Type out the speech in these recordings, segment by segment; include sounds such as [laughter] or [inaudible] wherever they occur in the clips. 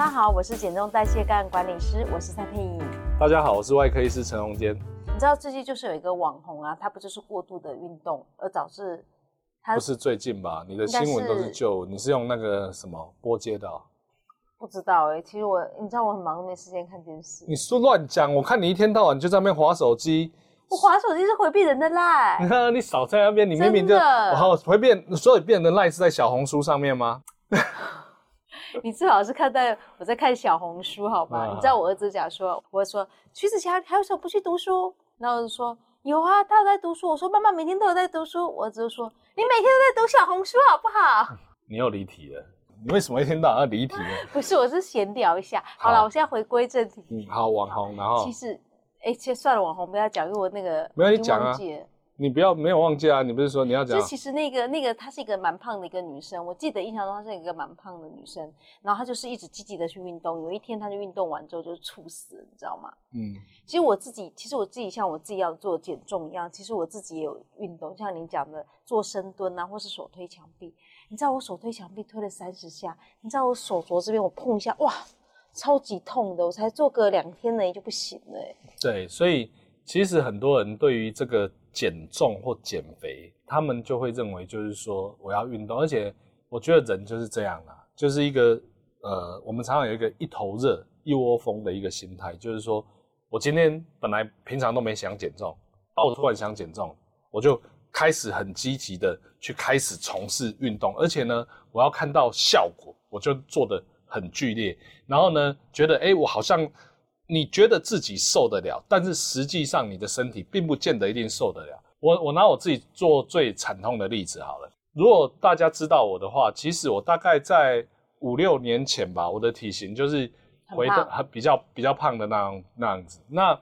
大家、啊、好，我是減重代謝個案管理師，我是蔡沛穎。大家好，我是外科醫師陳榮堅。你知道最近就是有一個網紅啊，他不就是過度的運動而導致？不是最近吧？你的新聞都是舊。是你是用那個什麼播接的、啊？不知道哎、欸，其實我，你知道我很忙，沒時間看電視。你說亂講，我看你一天到晚就在那邊滑手機。我滑手機是回避人的賴。你看，你少在那邊，你明明就我好會變，所以變得賴是在小紅書上面嗎？ [laughs] [laughs] 你最好是看在我在看小紅書，好吧？啊、你知道我兒子講說，我說徐子琪還有什麼不去讀書，然後我就說有啊，他有在讀書。我說媽媽每天都有在讀書，我兒子就說你每天都在讀小紅書，好不好？你又離題了，你為什麼一天到晚要離題？ [laughs] 不是，我是閒聊一下。好了，好啊、我現在回歸正題。嗯，好，網紅，然後其實，欸、其實算了，網紅不要講，因為我那個沒有講啊。你不要沒有忘記啊！你不是說你要講？其實那個那個她是一個蠻胖的一個女生，我記得印象中她是一個蠻胖的女生，然後她就是一直積極的去運動，有一天她就運動完之後就猝死，你知道嗎？嗯，其實我自己其實我自己像我自己要做減重一樣，其實我自己也有運動，像你講的做深蹲啊，或是手推牆壁，你知道我手推牆壁推了三十下，你知道我手肘這邊我碰一下，哇，超級痛的，我才做個兩天呢就不行了、欸。對，所以其實很多人對於這個。減重或減肥，他們就會認為就是說我要運動，而且我覺得人就是這樣啦，就是一個呃，我們常常有一個一頭熱、一窩蜂的一個心態，就是說我今天本來平常都沒想減重，但我突然想減重，我就開始很積極的去開始從事運動，而且呢，我要看到效果，我就做得很劇烈，然後呢，覺得誒，欸，我好像。你覺得自己受得了，但是實際上你的身體並不見得一定受得了。我我拿我自己做最慘痛的例子好了。如果大家知道我的話，其實我大概在五六年前吧，我的體型就是回的比較比較，比較胖的那那樣子。那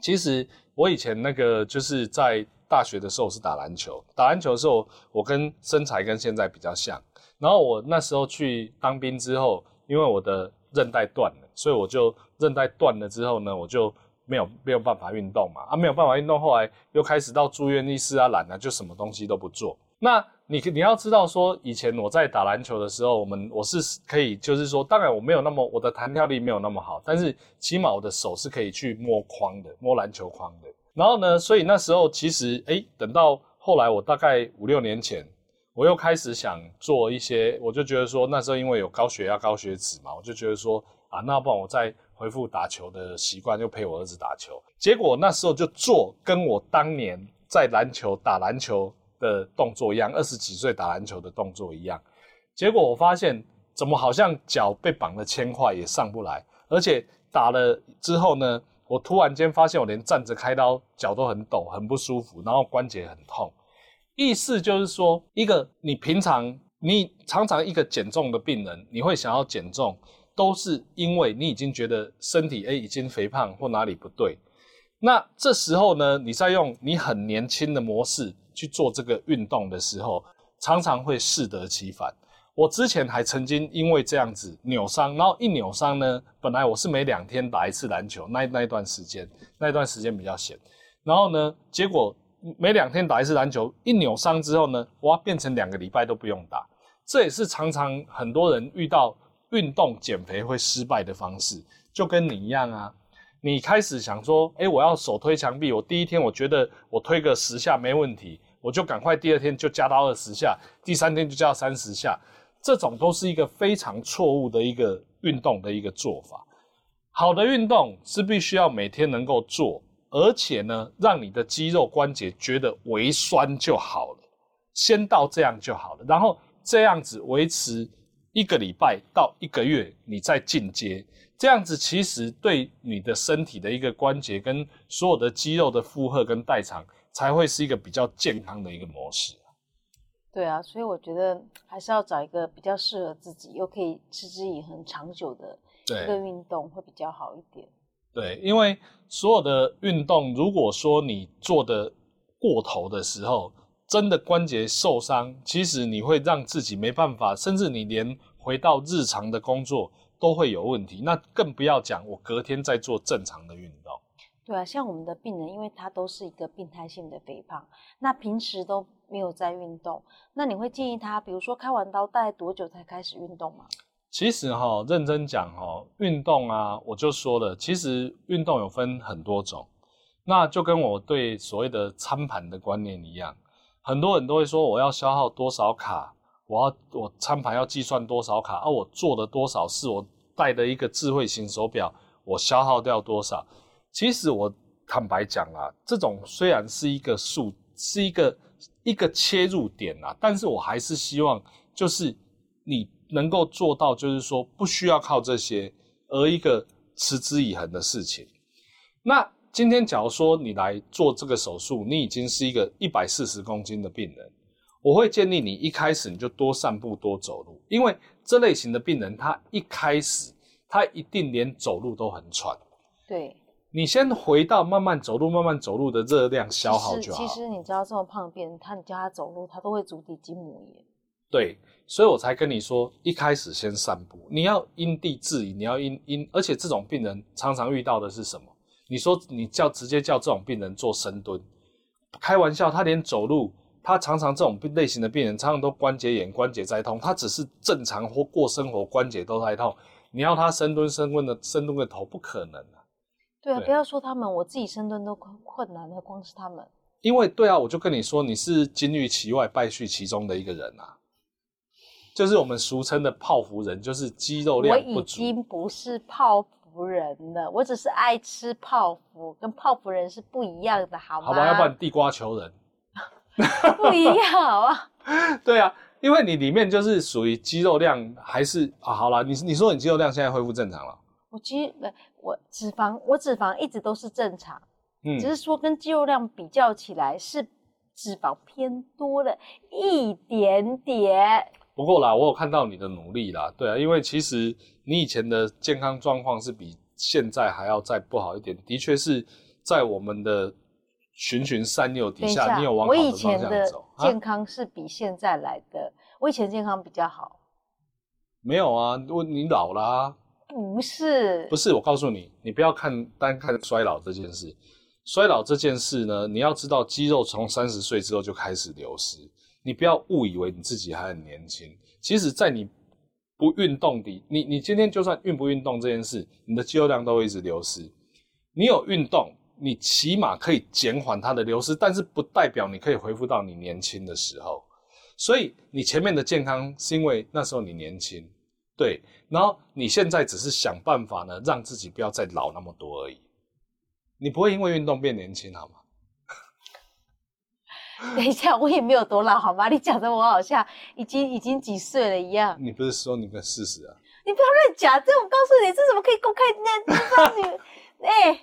其實我以前那個就是在大學的時候是打籃球，打籃球的時候我跟身材跟現在比較像。然後我那時候去當兵之後，因為我的。韌帶斷了，所以我就韌帶斷了之後呢，我就沒有沒有辦法運動嘛，啊，沒有辦法運動，後來又開始到住院醫師啊，懶啊，就什麼東西都不做。那你你要知道說，以前我在打籃球的時候，我們我是可以，就是說，當然我沒有那麼我的彈跳力沒有那麼好，但是起碼我的手是可以去摸框的，摸籃球框的。然後呢，所以那時候其實，誒，等到後來我大概五六年前。我又開始想做一些，我就覺得說那時候因為有高血壓、高血脂嘛，我就覺得說啊，那不然我再恢復打球的習慣，就陪我兒子打球。結果那時候就做跟我當年在籃球打籃球的動作一樣，二十幾歲打籃球的動作一樣。結果我發現怎麼好像腳被綁了鉛塊也上不來，而且打了之後呢，我突然間發現我連站着開刀腳都很抖，很不舒服，然後關節很痛。意思就是說，一個你平常你常常一個減重的病人，你會想要減重，都是因為你已經覺得身體哎已經肥胖或哪裡不對。那這時候呢，你在用你很年輕的模式去做這個運動的時候，常常會適得其反。我之前還曾經因為這樣子扭傷，然後一扭傷呢，本來我是每兩天打一次籃球，那那一段時間，那一段時間比較閒，然後呢，結果。每兩天打一次籃球，一扭傷之後呢，哇，變成兩個禮拜都不用打。這也是常常很多人遇到運動減肥會失敗的方式，就跟你一樣啊。你開始想說，哎，我要手推牆壁，我第一天我覺得我推個十下沒問題，我就趕快第二天就加到二十下，第三天就加到三十下。這種都是一個非常錯誤的一個運動的一個做法。好的運動是必須要每天能夠做。而且呢，讓你的肌肉關節覺得微酸就好了，先到這樣就好了。然後這樣子維持一個禮拜到一個月，你再進階。這樣子其實對你的身體的一個關節跟所有的肌肉的負荷跟代償，才會是一個比較健康的一個模式。對啊，所以我覺得還是要找一個比較適合自己，又可以持之以恆、長久的一個運動，會比較好一點。對，因為所有的運動，如果說你做的過頭的時候，真的關節受傷，其實你會讓自己沒辦法，甚至你連回到日常的工作都會有問題。那更不要講我隔天再做正常的運動。對啊，像我們的病人，因為他都是一個病態性的肥胖，那平時都沒有在運動。那你會建議他，比如說開完刀大概多久才開始運動嗎？其實哈、哦，認真講哈、哦，運動啊，我就說了，其實運動有分很多種，那就跟我對所謂的餐盤的觀念一樣，很多人都會說我要消耗多少卡，我要我餐盤要計算多少卡，而、啊、我做了多少事，我戴的一個智慧型手錶，我消耗掉多少。其實我坦白講啊，這種雖然是一個數，是一個一個切入點啊，但是我還是希望就是你。能夠做到，就是說不需要靠這些，而一個持之以恆的事情。那今天假如說你來做這個手術，你已經是一個一百四十公斤的病人，我會建議你一開始你就多散步，多走路，因為這類型的病人他一開始他一定連走路都很喘。對，你先回到慢慢走路，慢慢走路的熱量消耗就好。其實，其實你知道，這種胖的病人，他你叫他走路，他都會足底筋膜炎。對，所以我才跟你說，一開始先散步。你要因地制宜，你要因因，而且這種病人常常遇到的是什麼？你說你叫直接叫這種病人做深蹲，開玩笑，他連走路，他常常這種類型的病人常常都關節炎、關節在痛，他只是正常或過生活關節都在痛。你要他深蹲，深蹲，深蹲的深蹲個頭不可能啊！對啊，對不要說他們，我自己深蹲都困難了光是他們，因為對啊，我就跟你說，你是金玉其外敗絮其中的一個人啊。就是我們俗稱的泡芙人，就是肌肉量不足。我已經不是泡芙人了，我只是愛吃泡芙，跟泡芙人是不一樣的，好嗎？好吧，要不然地瓜球人， [laughs] 不一樣啊。好 [laughs] 對啊，因為你裡面就是屬於肌肉量還是啊，好啦，你你說你肌肉量現在恢復正常了，我肌我脂肪我脂肪一直都是正常，嗯，只是說跟肌肉量比較起來是脂肪偏多了一點點。不過啦，我有看到你的努力啦，對啊，因為其實你以前的健康狀況是比現在還要再不好一點，的確是在我們的循循善誘底下，下你有往好的方向走。我以前的健康是比現在來的，啊、我以前健康比較好。沒有啊，我你老啦、啊？不是，不是，我告訴你，你不要看單看衰老這件事，衰老這件事呢，你要知道肌肉從三十歲之後就開始流失。你不要誤以為你自己還很年輕，其實，在你不運動的，你你今天就算運不運動這件事，你的肌肉量都會一直流失。你有運動，你起碼可以減緩它的流失，但是不代表你可以恢復到你年輕的時候。所以你前面的健康是因為那時候你年輕，對。然後你現在只是想辦法呢，讓自己不要再老那麼多而已。你不會因為運動變年輕，好嗎？等一下，我也沒有多老好嗎？你講的我好像已經已經幾歲了一樣。你不是說你跟試試啊？你不要亂講！這我告訴你，這是怎麼可以公開？你知道女，哎、 [laughs] 欸，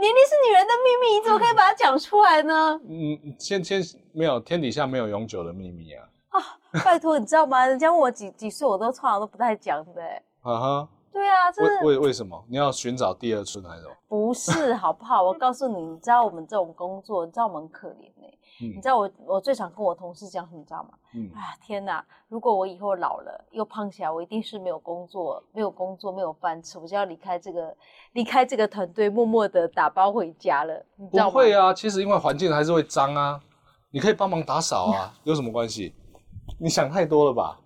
年齡是女人的秘密，你怎麼可以把它講出來呢？嗯，先先沒有，天底下沒有永久的秘密啊！啊，拜託你知道嗎？人家問我幾幾歲，我都從來都不太講的、欸。啊哈，對啊，這。為為什麼你要尋找第二春還是什麼？不是，好不好？我告訴你，你知道我們這種工作，你知道我們很可憐。嗯、你知道我我最常跟我同事講你知道嗎？嗯，啊天哪！如果我以後老了又胖起來，我一定是沒有工作、沒有工作、沒有飯吃，我就要離開這個、離開這個團隊，默默的打包回家了。你知道嗎？不會啊，其實因為環境還是會髒啊，你可以幫忙打掃啊， [laughs] 有什麼關係？你想太多了吧？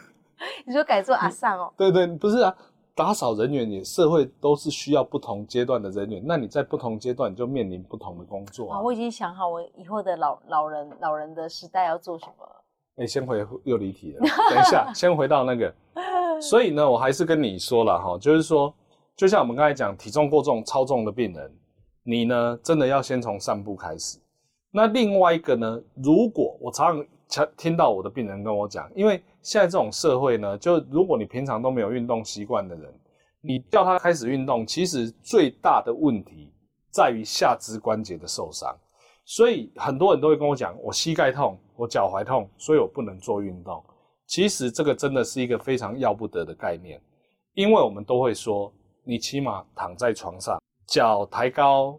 [laughs] 你說改做阿桑哦？對對，不是啊。打掃人員也，社會都是需要不同階段的人員，那你在不同階段就面臨不同的工作啊、哦。我已經想好我以後的老老人老人的時代要做什麼了、欸。先回又離題了， [laughs] 等一下先回到那個。所以呢，我還是跟你說了哈，就是說，就像我們剛才講，體重過重、超重的病人，你呢真的要先從散步開始。那另外一個呢，如果我常常。聽聽到我的病人跟我講，因為現在這種社會呢，就如果你平常都沒有運動習慣的人，你叫他開始運動，其實最大的問題在於下肢關節的受傷。所以很多人都會跟我講，我膝蓋痛，我腳踝痛，所以我不能做運動。其實這個真的是一個非常要不得的概念，因為我們都會說，你起碼躺在床上，腳抬高，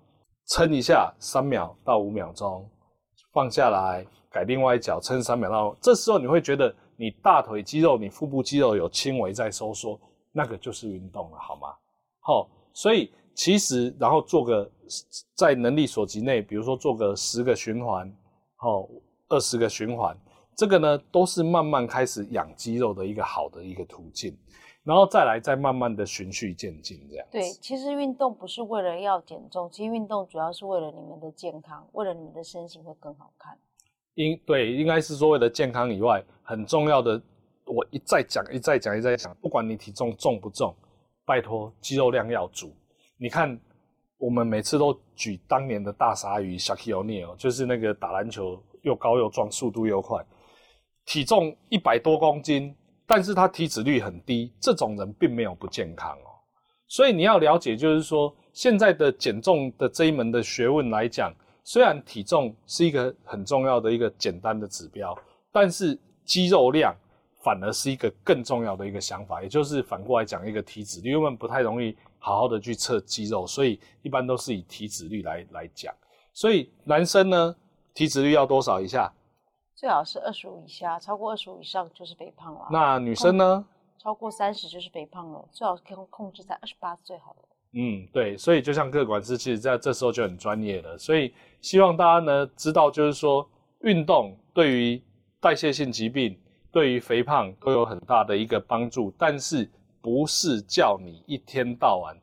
撐一下三秒到五秒鐘，放下來。改另外一腳撐三秒，然後這時候你會覺得你大腿肌肉、你腹部肌肉有輕微在收縮，那個就是運動了，好嗎？好、哦，所以其實然後做個在能力所及內，比如說做個十個循環，好、哦，二十個循環，這個呢都是慢慢開始養肌肉的一個好的一個途徑，然後再來再慢慢的循序漸進這樣子。對，其實運動不是為了要減重，其實運動主要是為了你們的健康，為了你們的身形會更好看。因對，應該是說，為了健康以外很重要的，我一再講、一再講、一再講，不管你體重重不重，拜托肌肉量要足。你看我們每次都舉當年的大鯊魚 Shaquille O'Neal 就是那個打籃球又高又壯、速度又快，體重一百多公斤，但是他體脂率很低，這種人並沒有不健康哦。所以你要了解，就是說現在的減重的這一門的學問來講。雖然體重是一個很重要的一個簡單的指標，但是肌肉量反而是一個更重要的一個想法，也就是反過來講一個體脂率，因為我們不太容易好好的去測肌肉，所以一般都是以體脂率來來講。所以男生呢，體脂率要多少以下？最好是二十五以下，超過二十五以上就是肥胖了。那女生呢？超過三十就是肥胖了，最好可以控制在二十八是最好的。嗯，對，所以就像個管師，其實在這時候就很專業了。所以希望大家呢，知道，就是說運動對於代謝性疾病、對於肥胖都有很大的一個幫助，但是不是叫你一天到晚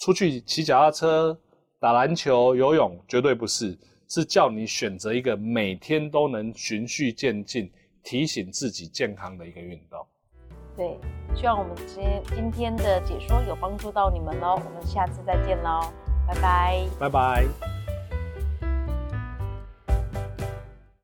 出去騎腳踏車、打籃球、游泳，絕對不是，是叫你選擇一個每天都能循序漸進、提醒自己健康的一個運動。對，希望我們今今天的解說有幫助到你們嘍，我們下次再見嘍，拜拜，拜拜。